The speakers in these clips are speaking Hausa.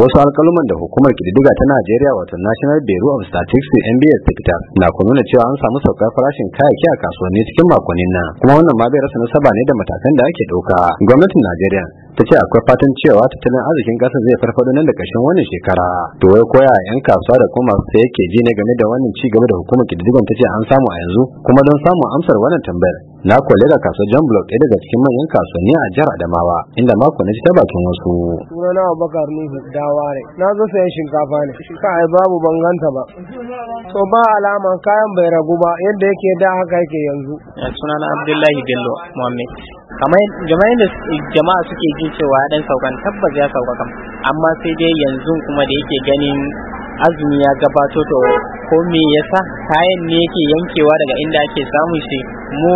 wasu alkaluman da hukumar kididdiga ta najeriya wato national bureau of statistics nbs ta fitar na kuma nuna cewa an samu saukar farashin kayayyaki a kasuwanni cikin makonnin nan kuma wannan ma bai rasa nasaba ne da matakan da ake ɗauka gwamnatin najeriya ta ce akwai fatan cewa tattalin arzikin ƙasar zai farfado nan da ƙarshen wannan shekara to wai koya yan kasuwa da kuma masu saye ke ji ne game da wannan ci gaba da hukumar kididdigan ta ce an samu a yanzu kuma don samun amsar wannan tambayar na kwale da kasuwar John Block ɗaya daga cikin manyan kasuwanni a jihar Adamawa inda mako na ji ta bakin wasu. na Abubakar Nuhu dawa ne. Na zo sayan shinkafa ne. Kai babu banganta ba. To ba alama kayan bai ragu ba yadda yake da haka yake yanzu. Sunana Abdullahi Bello muhammed kamar yadda jama'a suke jin cewa dan saukan tabbas ya sauka kam amma sai dai yanzu kuma da yake ganin azumi ya gabato to ko me yasa kayan ne yake yankewa daga inda ake samun shi mu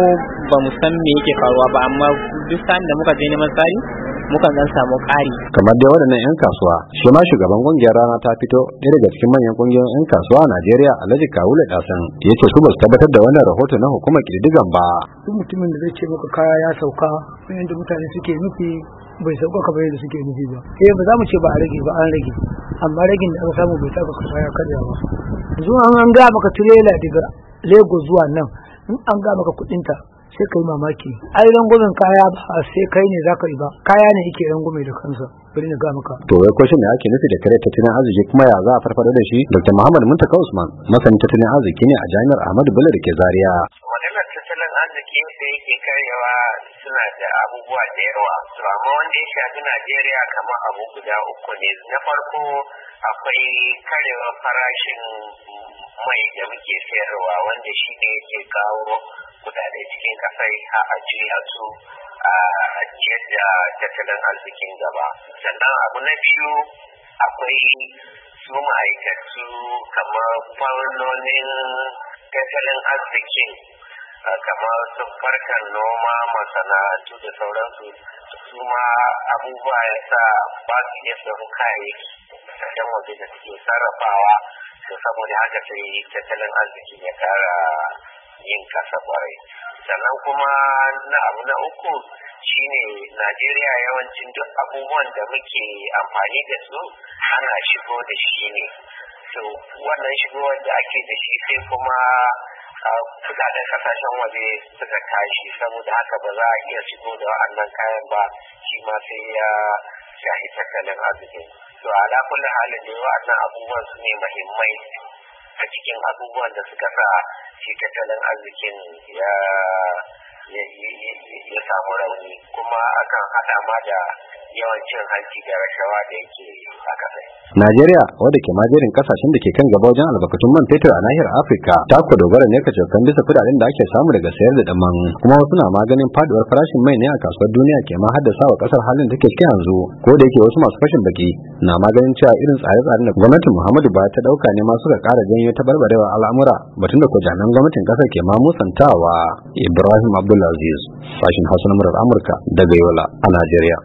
ba mu san me yake faruwa ba amma duk sanda muka je neman tsari mukan dan samu ƙari kamar dai waɗannan 'yan kasuwa shi ma shugaban kungiyar rana ta fito ɗaya daga cikin manyan kungiyoyin 'yan kasuwa a Najeriya Alhaji Kawule Dasan ya ce su ba su tabbatar da wannan rahoto na hukumar ƙididdigan ba duk mutumin da zai ce maka kaya ya sauka yadda mutane suke nufi bai sauka kamar yadda suke nufi ba eh ba za mu ce ba a rage ba an rage amma ragin da aka samu bai saka kasa ya karya ba zuwa an ga maka tirela daga Lagos zuwa nan in an ga maka kuɗinta sai kai mamaki ai rangwamen kaya ba sai kai ne zaka yi ba kaya ne yake rangwame da kansa bari na ga maka to wai question me ake nufi da kare tattalin arziki kuma ya za a farfado da shi Dr. Muhammad Muntaka Usman masanin tattalin arziki ne a Jami'ar Ahmadu Bello da ke Zaria tattalin arziki da yake karewa suna da abubuwa da yawa su amma wanda ya shafi Najeriya kamar abu guda uku ne na farko akwai karewar farashin mai da muke sayarwa wanda shi ne yake kawo kudade cikin kasai a juya su a ajiyar da tattalin arzikin gaba sannan abu na biyu akwai su ma'aikatu kamar fannonin tattalin arzikin kamar su farkar noma masana'antu da sauransu su ma abubuwa ya sa ba su iya sauran kayayyaki kasashen waje da suke sarrafawa to saboda haka sai tattalin arziki ya kara yin kasa kwarai sannan kuma na abu na uku shine najeriya yawancin duk abubuwan da muke amfani da su ana shigo da shi ne so wannan shigowar da ake da shi sai kuma kudaden kasashen waje suka tashi saboda haka ba za a iya shigo da wa'annan kayan ba shi ma sai ya shahi tattalin arziki to ala kulli halin ne wa'annan abubuwan su ne mahimmai a cikin abubuwan da suka sa shi tattalin arzikin ya samu rauni kuma akan hada ma da yawan cin hanci da rashawa da yake a kasai. Najeriya wadda ke majerin kasashen da ke kan gaba wajen albarkatun man fetur a nahiyar Afirka ta ku dogara ne ka cokan bisa kudaden da ake samu daga sayar da daman kuma wasu na maganin faduwar farashin mai ne a kasuwar duniya ke ma haddasa wa kasar halin da take yanzu ko da yake wasu masu fashin baki na maganin cewa irin tsare-tsaren da gwamnatin Muhammadu Buhari ta dauka ne ma suka kara janyo ta barbarewa al'amura batun da ko jami'an gwamnatin kasar ke ma musantawa Ibrahim Abdulaziz Fashin Hausa na Amurka daga Yola a Najeriya.